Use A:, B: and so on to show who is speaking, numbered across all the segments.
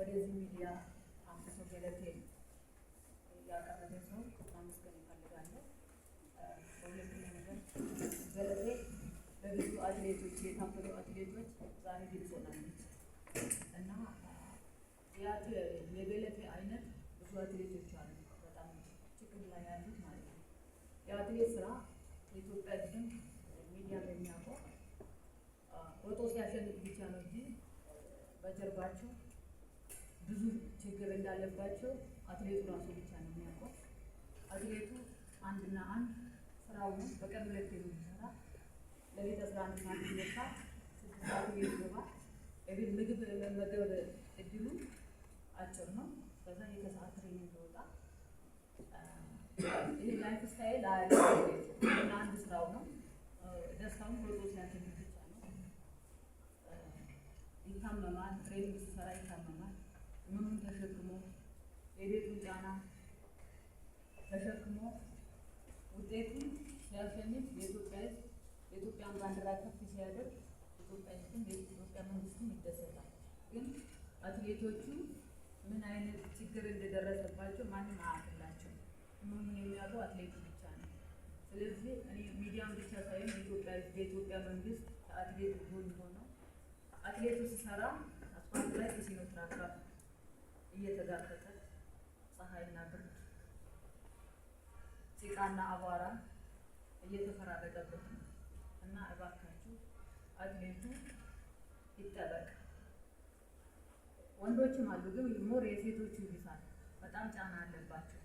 A: ወደዚህ ሚዲያ አቶ ገለቴ ያቀረበ ሰው ብዙ ችግር እንዳለባቸው አትሌቱ ራሱ ብቻ ነው የሚያውቀው። አትሌቱ አንድና አንድ ስራውን በቀን ሁለት የሚሰራ ለቤት አስራ አንድ ሰዓት ይነሳ፣ ስድስት ቤት ይገባል። የቤት ምግብ መመገብ እድሉ አጭር ነው። ከዛ የተሰዓት ትሬኒንግ ወጣ። ይህ ላይፍ ስታይል እና አንድ ስራው ነው። ደስታውን ሮጦ ሲያገኝ ብቻ ነው። ይታመማል። ትሬኒንግ ሲሰራ ይታመማል። ምኑን ተሸክሞ የቤቱን ጫና ተሸክሞ ውጤቱን ሲያሸንፍ የኢትዮጵያ ህዝብ የኢትዮጵያን ባንዲራ ከፍ ሲያደርግ ኢትዮጵያ ህዝብም የኢትዮጵያ መንግስትም ይደሰታል። ግን አትሌቶቹ ምን አይነት ችግር እንደደረሰባቸው ማንም አያውቅላቸው። ምኑን የሚያውቁ አትሌቱ ብቻ ነው። ስለዚህ እኔ ሚዲያም ብቻ ሳይሆን የኢትዮጵያ ህዝብ የኢትዮጵያ መንግስት ከአትሌቱ ጎን ሆኖ አትሌቱ ሲሰራ አስፋልት ላይ ሲኖትራካ እየተጋፈጠ ፀሐይና ብርድ ጭቃና አቧራ እየተፈራረቀበት ነው እና እባካችሁ አትሌቱ ይጠበቅ። ወንዶችም አሉ፣ ግን ሞር የሴቶች ይብሳል፣ በጣም ጫና አለባቸው።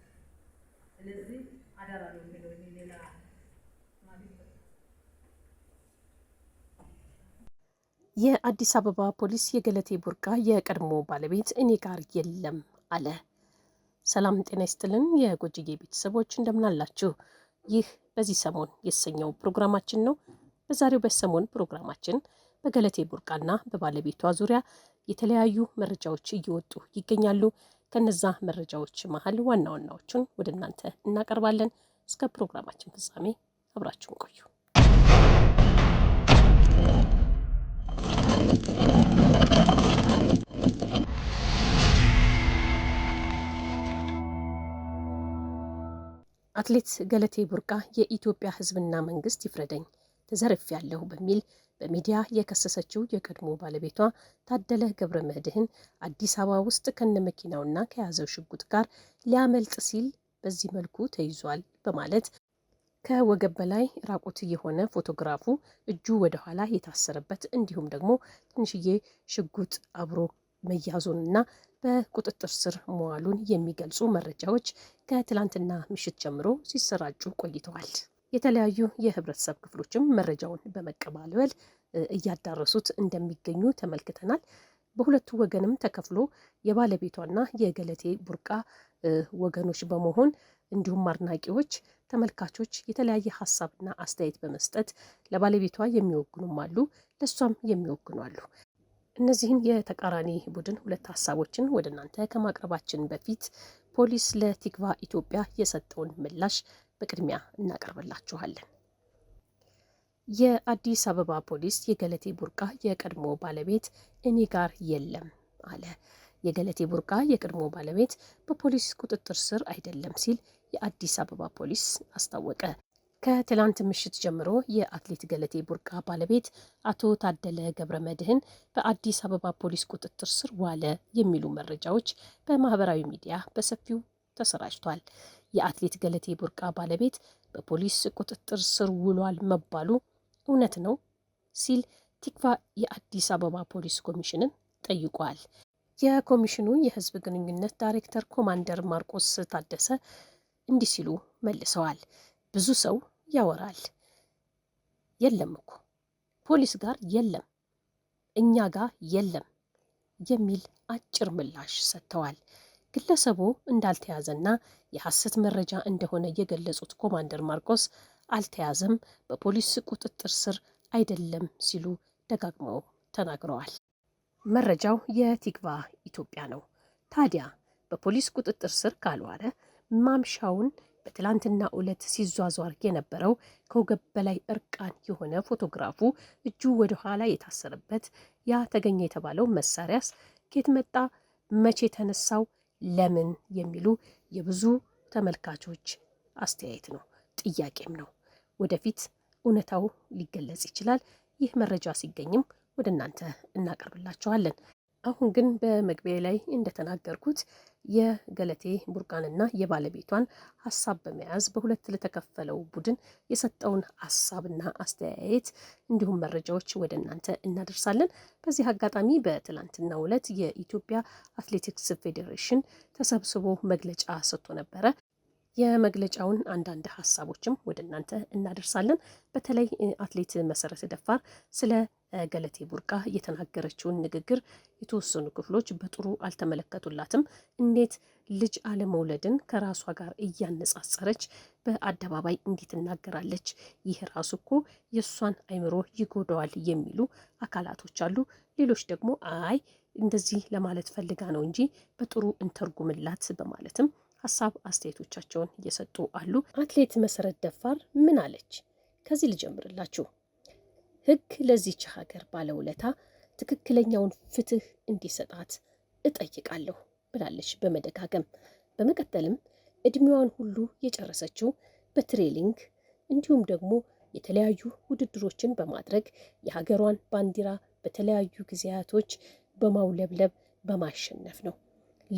A: ስለዚህ አደራ ነው የሚለው ሌላ የአዲስ አበባ ፖሊስ የገለቴ ቡርቃ የቀድሞ ባለቤት እኔ ጋር የለም አለ። ሰላም ጤና ይስጥልን የጎጅዬ ቤተሰቦች እንደምናላችሁ። ይህ በዚህ ሰሞን የተሰኘው ፕሮግራማችን ነው። በዛሬው በሰሞን ፕሮግራማችን በገለቴ ቡርቃና በባለቤቷ ዙሪያ የተለያዩ መረጃዎች እየወጡ ይገኛሉ። ከነዛ መረጃዎች መሀል ዋና ዋናዎቹን ወደ እናንተ እናቀርባለን። እስከ ፕሮግራማችን ፍጻሜ አብራችሁን ቆዩ። አትሌት ገለቴ ቡርቃ የኢትዮጵያ ሕዝብና መንግስት ይፍረደኝ ያለሁ በሚል በሚዲያ የከሰሰችው የቀድሞ ባለቤቷ ታደለ ገብረ መድህን አዲስ አበባ ውስጥ መኪናውና ከያዘው ሽጉጥ ጋር ሊያመልጥ ሲል በዚህ መልኩ ተይዟል በማለት ከወገብ በላይ ራቁት የሆነ ፎቶግራፉ እጁ ወደኋላ የታሰረበት እንዲሁም ደግሞ ትንሽዬ ሽጉጥ አብሮ መያዙንና በቁጥጥር ስር መዋሉን የሚገልጹ መረጃዎች ከትላንትና ምሽት ጀምሮ ሲሰራጩ ቆይተዋል። የተለያዩ የህብረተሰብ ክፍሎችም መረጃውን በመቀባበል እያዳረሱት እንደሚገኙ ተመልክተናል። በሁለቱ ወገንም ተከፍሎ የባለቤቷና የገለቴ ቡርቃ ወገኖች በመሆን እንዲሁም አድናቂዎች፣ ተመልካቾች የተለያየ ሀሳብና አስተያየት በመስጠት ለባለቤቷ የሚወግኑም አሉ፣ ለእሷም የሚወግኑ አሉ። እነዚህን የተቃራኒ ቡድን ሁለት ሀሳቦችን ወደ እናንተ ከማቅረባችን በፊት ፖሊስ ለቲክቫ ኢትዮጵያ የሰጠውን ምላሽ በቅድሚያ እናቀርብላችኋለን። የአዲስ አበባ ፖሊስ የገለቴ ቡርቃ የቀድሞ ባለቤት እኔ ጋር የለም አለ። የገለቴ ቡርቃ የቀድሞ ባለቤት በፖሊስ ቁጥጥር ስር አይደለም ሲል የአዲስ አበባ ፖሊስ አስታወቀ። ከትላንት ምሽት ጀምሮ የአትሌት ገለቴ ቡርቃ ባለቤት አቶ ታደለ ገብረ መድህን በአዲስ አበባ ፖሊስ ቁጥጥር ስር ዋለ የሚሉ መረጃዎች በማህበራዊ ሚዲያ በሰፊው ተሰራጭቷል። የአትሌት ገለቴ ቡርቃ ባለቤት በፖሊስ ቁጥጥር ስር ውሏል መባሉ እውነት ነው ሲል ቲክቫ የአዲስ አበባ ፖሊስ ኮሚሽንን ጠይቋል። የኮሚሽኑ የህዝብ ግንኙነት ዳይሬክተር ኮማንደር ማርቆስ ታደሰ እንዲህ ሲሉ መልሰዋል። ብዙ ሰው ያወራል። የለም እኮ ፖሊስ ጋር የለም፣ እኛ ጋር የለም የሚል አጭር ምላሽ ሰጥተዋል። ግለሰቡ እንዳልተያዘና የሐሰት መረጃ እንደሆነ የገለጹት ኮማንደር ማርቆስ አልተያዘም፣ በፖሊስ ቁጥጥር ስር አይደለም ሲሉ ደጋግመው ተናግረዋል። መረጃው የቲግቫ ኢትዮጵያ ነው። ታዲያ በፖሊስ ቁጥጥር ስር ካልዋለ ማምሻውን በትላንትና ዕለት ሲዟዟር የነበረው ከወገብ በላይ እርቃን የሆነ ፎቶግራፉ እጁ ወደ ኋላ የታሰረበት ያ ተገኘ የተባለው መሳሪያስ ከየት መጣ? መቼ ተነሳው? ለምን? የሚሉ የብዙ ተመልካቾች አስተያየት ነው፣ ጥያቄም ነው። ወደፊት እውነታው ሊገለጽ ይችላል። ይህ መረጃ ሲገኝም ወደ እናንተ እናቀርብላችኋለን። አሁን ግን በመግቢያ ላይ እንደተናገርኩት የገለቴ ቡርቃንና የባለቤቷን ሀሳብ በመያዝ በሁለት ለተከፈለው ቡድን የሰጠውን ሀሳብና አስተያየት እንዲሁም መረጃዎች ወደ እናንተ እናደርሳለን። በዚህ አጋጣሚ በትላንትናው ዕለት የኢትዮጵያ አትሌቲክስ ፌዴሬሽን ተሰብስቦ መግለጫ ሰጥቶ ነበረ። የመግለጫውን አንዳንድ ሀሳቦችም ወደ እናንተ እናደርሳለን። በተለይ አትሌት መሰረተ ደፋር ስለ ገለቴ ቡርቃ የተናገረችውን ንግግር የተወሰኑ ክፍሎች በጥሩ አልተመለከቱላትም። እንዴት ልጅ አለመውለድን ከራሷ ጋር እያነጻጸረች በአደባባይ እንዴት እናገራለች? ይህ ራሱ እኮ የእሷን አይምሮ ይጎዳዋል የሚሉ አካላቶች አሉ። ሌሎች ደግሞ አይ እንደዚህ ለማለት ፈልጋ ነው እንጂ በጥሩ እንተርጉምላት በማለትም ሀሳብ አስተያየቶቻቸውን እየሰጡ አሉ። አትሌት መሰረት ደፋር ምን አለች? ከዚህ ልጀምርላችሁ። ህግ ለዚች ሀገር ባለውለታ ትክክለኛውን ፍትህ እንዲሰጣት እጠይቃለሁ ብላለች በመደጋገም በመቀጠልም እድሜዋን ሁሉ የጨረሰችው በትሬሊንግ እንዲሁም ደግሞ የተለያዩ ውድድሮችን በማድረግ የሀገሯን ባንዲራ በተለያዩ ጊዜያቶች በማውለብለብ በማሸነፍ ነው።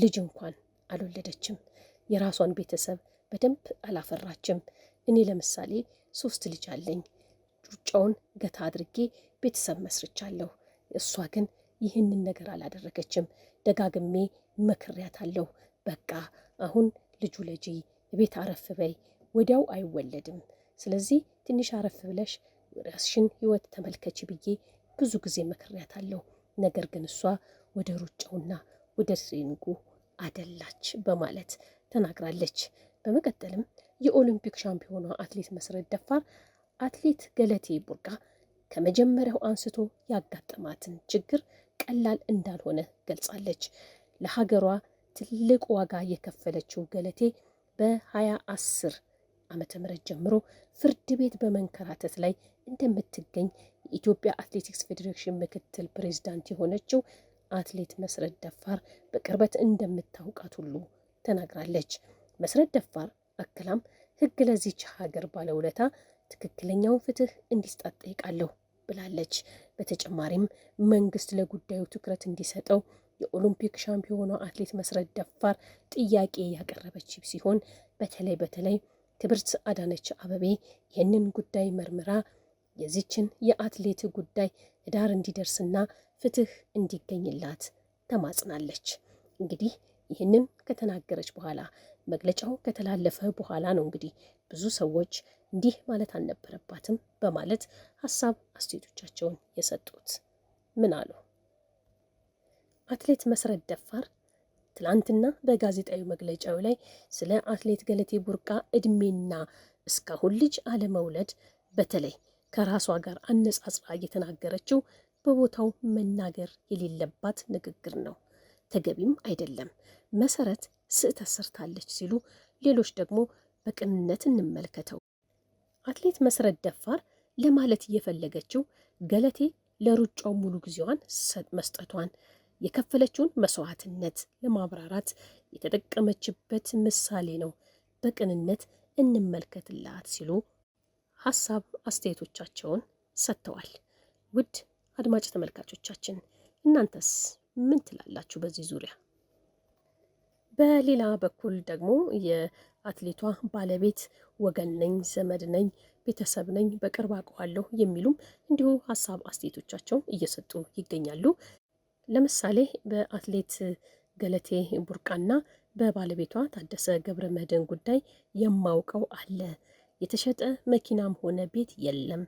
A: ልጅ እንኳን አልወለደችም። የራሷን ቤተሰብ በደንብ አላፈራችም። እኔ ለምሳሌ ሶስት ልጅ አለኝ። ጩጫውን ገታ አድርጌ ቤተሰብ መስርቻለሁ። እሷ ግን ይህንን ነገር አላደረገችም። ደጋግሜ አለሁ። በቃ አሁን ልጁ ለጂ ቤት አረፍ በይ፣ ወዲያው አይወለድም። ስለዚህ ትንሽ አረፍ ብለሽ ራስሽን ህይወት ተመልከች ብዬ ብዙ ጊዜ አለሁ። ነገር ግን እሷ ወደ ሩጫውና ወደ ስሪንጉ አደላች በማለት ተናግራለች። በመቀጠልም የኦሎምፒክ ሻምፒዮኗ አትሌት መሰረት ደፋር አትሌት ገለቴ ቡርቃ ከመጀመሪያው አንስቶ ያጋጠማትን ችግር ቀላል እንዳልሆነ ገልጻለች። ለሀገሯ ትልቅ ዋጋ የከፈለችው ገለቴ በሀያ አስር ዓመተ ምህረት ጀምሮ ፍርድ ቤት በመንከራተት ላይ እንደምትገኝ የኢትዮጵያ አትሌቲክስ ፌዴሬሽን ምክትል ፕሬዚዳንት የሆነችው አትሌት መሰረት ደፋር በቅርበት እንደምታውቃት ሁሉ ተናግራለች። መስረት ደፋር አክላም ህግ ለዚች ሀገር ባለውለታ ትክክለኛውን ፍትህ እንዲስጣት ጠይቃለሁ ብላለች። በተጨማሪም መንግስት ለጉዳዩ ትኩረት እንዲሰጠው የኦሎምፒክ ሻምፒዮኗ አትሌት መስረት ደፋር ጥያቄ ያቀረበች ሲሆን በተለይ በተለይ ክብርት አዳነች አበቤ ይህንን ጉዳይ መርምራ የዚችን የአትሌት ጉዳይ ዳር እንዲደርስና ፍትህ እንዲገኝላት ተማጽናለች። እንግዲህ ይህንን ከተናገረች በኋላ መግለጫው ከተላለፈ በኋላ ነው እንግዲህ ብዙ ሰዎች እንዲህ ማለት አልነበረባትም በማለት ሀሳብ አስተያየቶቻቸውን የሰጡት ምን አሉ? አትሌት መሰረት ደፋር ትላንትና በጋዜጣዊ መግለጫው ላይ ስለ አትሌት ገለቴ ቡርቃ እድሜና እስካሁን ልጅ አለመውለድ በተለይ ከራሷ ጋር አነጻጽራ እየተናገረችው በቦታው መናገር የሌለባት ንግግር ነው፣ ተገቢም አይደለም። መሰረት ስህተት ሰርታለች ሲሉ ሌሎች ደግሞ በቅንነት እንመልከተው። አትሌት መሰረት ደፋር ለማለት እየፈለገችው ገለቴ ለሩጫው ሙሉ ጊዜዋን መስጠቷን የከፈለችውን መስዋዕትነት ለማብራራት የተጠቀመችበት ምሳሌ ነው። በቅንነት እንመልከትላት ሲሉ ሀሳብ አስተያየቶቻቸውን ሰጥተዋል። ውድ አድማጭ ተመልካቾቻችን እናንተስ ምን ትላላችሁ በዚህ ዙሪያ? በሌላ በኩል ደግሞ የአትሌቷ ባለቤት ወገን ነኝ፣ ዘመድ ነኝ፣ ቤተሰብ ነኝ፣ በቅርብ አውቀዋለሁ የሚሉም እንዲሁ ሀሳብ አስተያየቶቻቸውን እየሰጡ ይገኛሉ። ለምሳሌ በአትሌት ገለቴ ቡርቃና በባለቤቷ ታደሰ ገብረ መድህን ጉዳይ የማውቀው አለ የተሸጠ መኪናም ሆነ ቤት የለም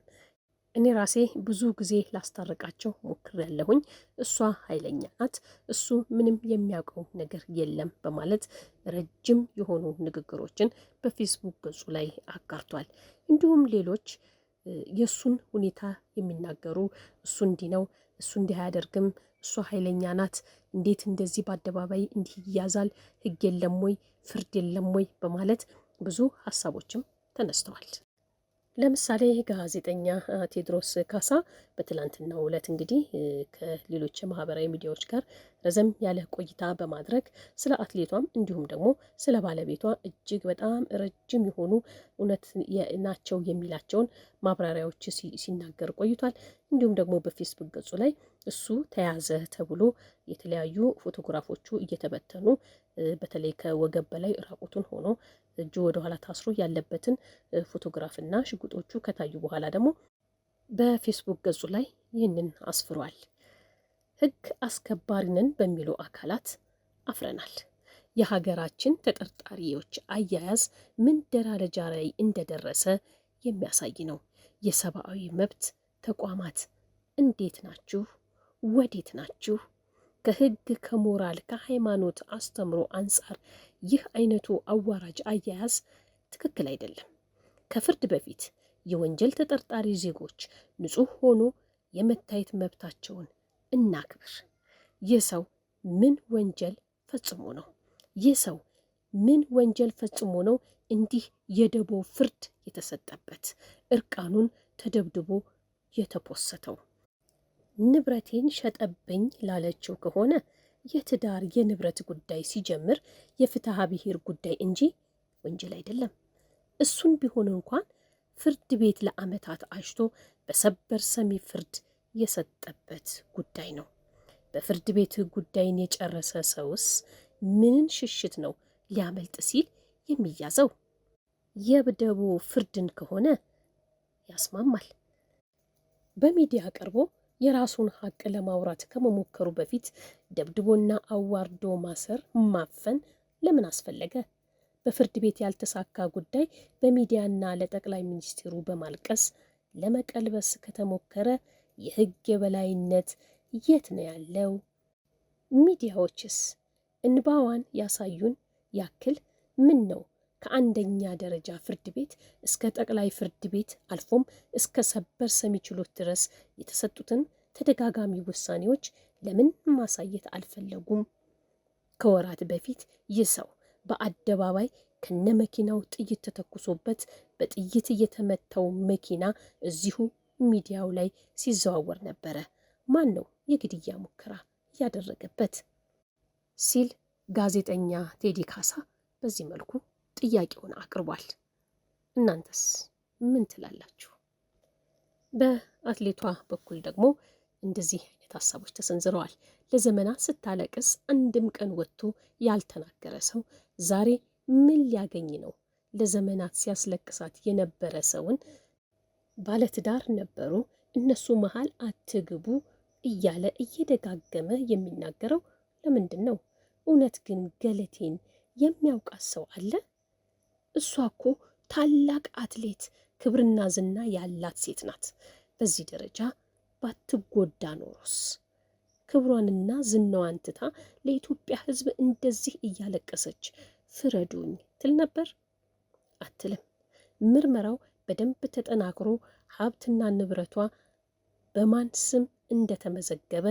A: እኔ ራሴ ብዙ ጊዜ ላስታርቃቸው ያለሁኝ እሷ ኃይለኛ ናት፣ እሱ ምንም የሚያውቀው ነገር የለም በማለት ረጅም የሆኑ ንግግሮችን በፌስቡክ ገጹ ላይ አጋርቷል። እንዲሁም ሌሎች የእሱን ሁኔታ የሚናገሩ እሱ እንዲህ ነው፣ እሱ እንዲህ አያደርግም፣ እሷ ኃይለኛ ናት፣ እንዴት እንደዚህ በአደባባይ እንዲህ ይያዛል? ህግ የለም ወይ? ፍርድ የለም ወይ? በማለት ብዙ ሀሳቦችም ተነስተዋል። ለምሳሌ ጋዜጠኛ ቴዎድሮስ ካሳ በትላንትናው ዕለት እንግዲህ ከሌሎች ማህበራዊ ሚዲያዎች ጋር ረዘም ያለ ቆይታ በማድረግ ስለ አትሌቷም እንዲሁም ደግሞ ስለ ባለቤቷ እጅግ በጣም ረጅም የሆኑ እውነት ናቸው የሚላቸውን ማብራሪያዎች ሲናገር ቆይቷል። እንዲሁም ደግሞ በፌስቡክ ገጹ ላይ እሱ ተያዘ ተብሎ የተለያዩ ፎቶግራፎቹ እየተበተኑ በተለይ ከወገብ በላይ ራቁቱን ሆኖ እጁ ወደኋላ ታስሮ ያለበትን ፎቶግራፍና ሽጉጦቹ ከታዩ በኋላ ደግሞ በፌስቡክ ገጹ ላይ ይህንን አስፍሯል። ህግ አስከባሪንን በሚሉ አካላት አፍረናል። የሀገራችን ተጠርጣሪዎች አያያዝ ምን ደረጃ ላይ እንደደረሰ የሚያሳይ ነው። የሰብአዊ መብት ተቋማት እንዴት ናችሁ? ወዴት ናችሁ? ከህግ ከሞራል ከሃይማኖት አስተምሮ አንጻር ይህ አይነቱ አዋራጅ አያያዝ ትክክል አይደለም። ከፍርድ በፊት የወንጀል ተጠርጣሪ ዜጎች ንጹሕ ሆኖ የመታየት መብታቸውን እናክብር። ይህ ሰው ምን ወንጀል ፈጽሞ ነው? ይህ ሰው ምን ወንጀል ፈጽሞ ነው እንዲህ የደቦ ፍርድ የተሰጠበት እርቃኑን ተደብድቦ የተፖሰተው? ንብረቴን ሸጠብኝ ላለችው ከሆነ የትዳር የንብረት ጉዳይ ሲጀምር የፍትሐ ብሔር ጉዳይ እንጂ ወንጀል አይደለም። እሱን ቢሆን እንኳን ፍርድ ቤት ለዓመታት አሽቶ በሰበር ሰሚ ፍርድ የሰጠበት ጉዳይ ነው። በፍርድ ቤት ጉዳይን የጨረሰ ሰውስ ምንን ሽሽት ነው ሊያመልጥ ሲል የሚያዘው? የብደቡ ፍርድን ከሆነ ያስማማል። በሚዲያ ቀርቦ የራሱን ሀቅ ለማውራት ከመሞከሩ በፊት ደብድቦና አዋርዶ ማሰር፣ ማፈን ለምን አስፈለገ? በፍርድ ቤት ያልተሳካ ጉዳይ በሚዲያና ለጠቅላይ ሚኒስትሩ በማልቀስ ለመቀልበስ ከተሞከረ የህግ የበላይነት የት ነው ያለው? ሚዲያዎችስ እንባዋን ያሳዩን ያክል ምን ነው ከአንደኛ ደረጃ ፍርድ ቤት እስከ ጠቅላይ ፍርድ ቤት አልፎም እስከ ሰበር ሰሚ ችሎት ድረስ የተሰጡትን ተደጋጋሚ ውሳኔዎች ለምን ማሳየት አልፈለጉም? ከወራት በፊት ይህ ሰው በአደባባይ ከነመኪናው ጥይት ተተኩሶበት በጥይት የተመታው መኪና እዚሁ ሚዲያው ላይ ሲዘዋወር ነበረ። ማን ነው የግድያ ሙከራ ያደረገበት? ሲል ጋዜጠኛ ቴዲ ካሳ በዚህ መልኩ ጥያቄውን አቅርቧል። እናንተስ ምን ትላላችሁ? በአትሌቷ በኩል ደግሞ እንደዚህ አይነት ሀሳቦች ተሰንዝረዋል። ለዘመናት ስታለቅስ አንድም ቀን ወጥቶ ያልተናገረ ሰው ዛሬ ምን ሊያገኝ ነው? ለዘመናት ሲያስለቅሳት የነበረ ሰውን ባለትዳር ነበሩ፣ እነሱ መሀል አትግቡ እያለ እየደጋገመ የሚናገረው ለምንድን ነው? እውነት ግን ገለቴን የሚያውቃት ሰው አለ? እሷ እኮ ታላቅ አትሌት፣ ክብርና ዝና ያላት ሴት ናት። በዚህ ደረጃ ባትጎዳ ኖሮስ ክብሯንና ዝናዋን ትታ ለኢትዮጵያ ሕዝብ እንደዚህ እያለቀሰች ፍረዱኝ ትል ነበር? አትልም። ምርመራው በደንብ ተጠናክሮ ሀብትና ንብረቷ በማን ስም እንደተመዘገበ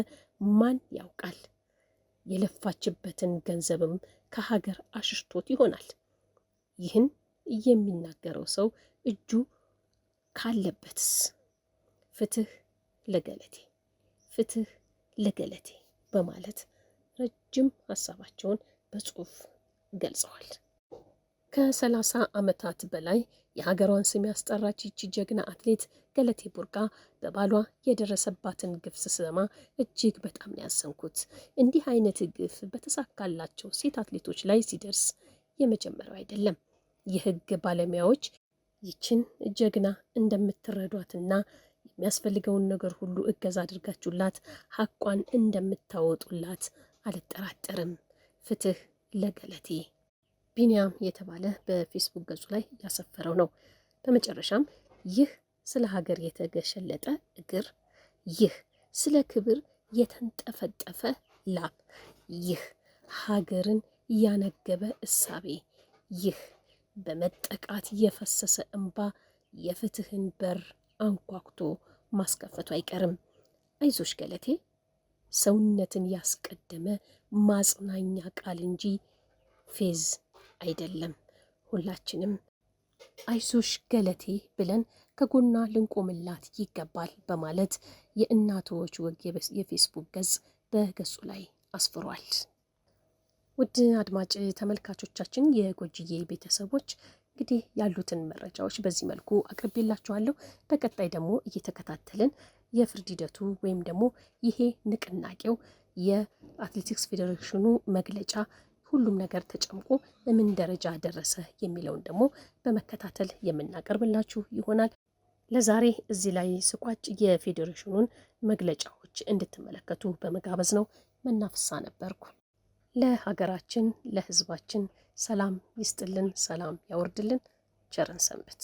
A: ማን ያውቃል? የለፋችበትን ገንዘብም ከሀገር አሽሽቶት ይሆናል። ይህን የሚናገረው ሰው እጁ ካለበትስ? ፍትህ ለገለቴ ፍትህ ለገለቴ በማለት ረጅም ሀሳባቸውን በጽሁፍ ገልጸዋል። ከሰላሳ ዓመታት በላይ የሀገሯን ስም ያስጠራች ይቺ ጀግና አትሌት ገለቴ ቡርቃ በባሏ የደረሰባትን ግፍ ስሰማ እጅግ በጣም ነው ያዘንኩት። እንዲህ አይነት ግፍ በተሳካላቸው ሴት አትሌቶች ላይ ሲደርስ የመጀመሪያው አይደለም። የህግ ባለሙያዎች ይችን ጀግና እንደምትረዷትና የሚያስፈልገውን ነገር ሁሉ እገዛ አድርጋችሁላት ሀቋን እንደምታወጡላት አልጠራጠርም። ፍትህ ለገለቴ ቢንያም የተባለ በፌስቡክ ገጹ ላይ ያሰፈረው ነው። በመጨረሻም ይህ ስለ ሀገር የተገሸለጠ እግር፣ ይህ ስለ ክብር የተንጠፈጠፈ ላብ፣ ይህ ሀገርን ያነገበ እሳቤ፣ ይህ በመጠቃት የፈሰሰ እንባ የፍትህን በር አንኳኩቶ ማስከፈቱ አይቀርም። አይዞሽ ገለቴ፣ ሰውነትን ያስቀደመ ማጽናኛ ቃል እንጂ ፌዝ አይደለም። ሁላችንም አይዞሽ ገለቴ ብለን ከጎኗ ልንቆምላት ይገባል በማለት የእናቶች ወግ የፌስቡክ ገጽ በገጹ ላይ አስፍሯል። ውድ አድማጭ ተመልካቾቻችን የጎጅዬ ቤተሰቦች እንግዲህ ያሉትን መረጃዎች በዚህ መልኩ አቅርቤላችኋለሁ። በቀጣይ ደግሞ እየተከታተልን የፍርድ ሂደቱ ወይም ደግሞ ይሄ ንቅናቄው የአትሌቲክስ ፌዴሬሽኑ መግለጫ ሁሉም ነገር ተጨምቆ ምን ደረጃ ደረሰ የሚለውን ደግሞ በመከታተል የምናቀርብላችሁ ይሆናል። ለዛሬ እዚህ ላይ ስቋጭ የፌዴሬሽኑን መግለጫዎች እንድትመለከቱ በመጋበዝ ነው። መናፍሳ ነበርኩ። ለሀገራችን ለህዝባችን ሰላም ይስጥልን፣ ሰላም ያወርድልን። ቸርን ሰንበት።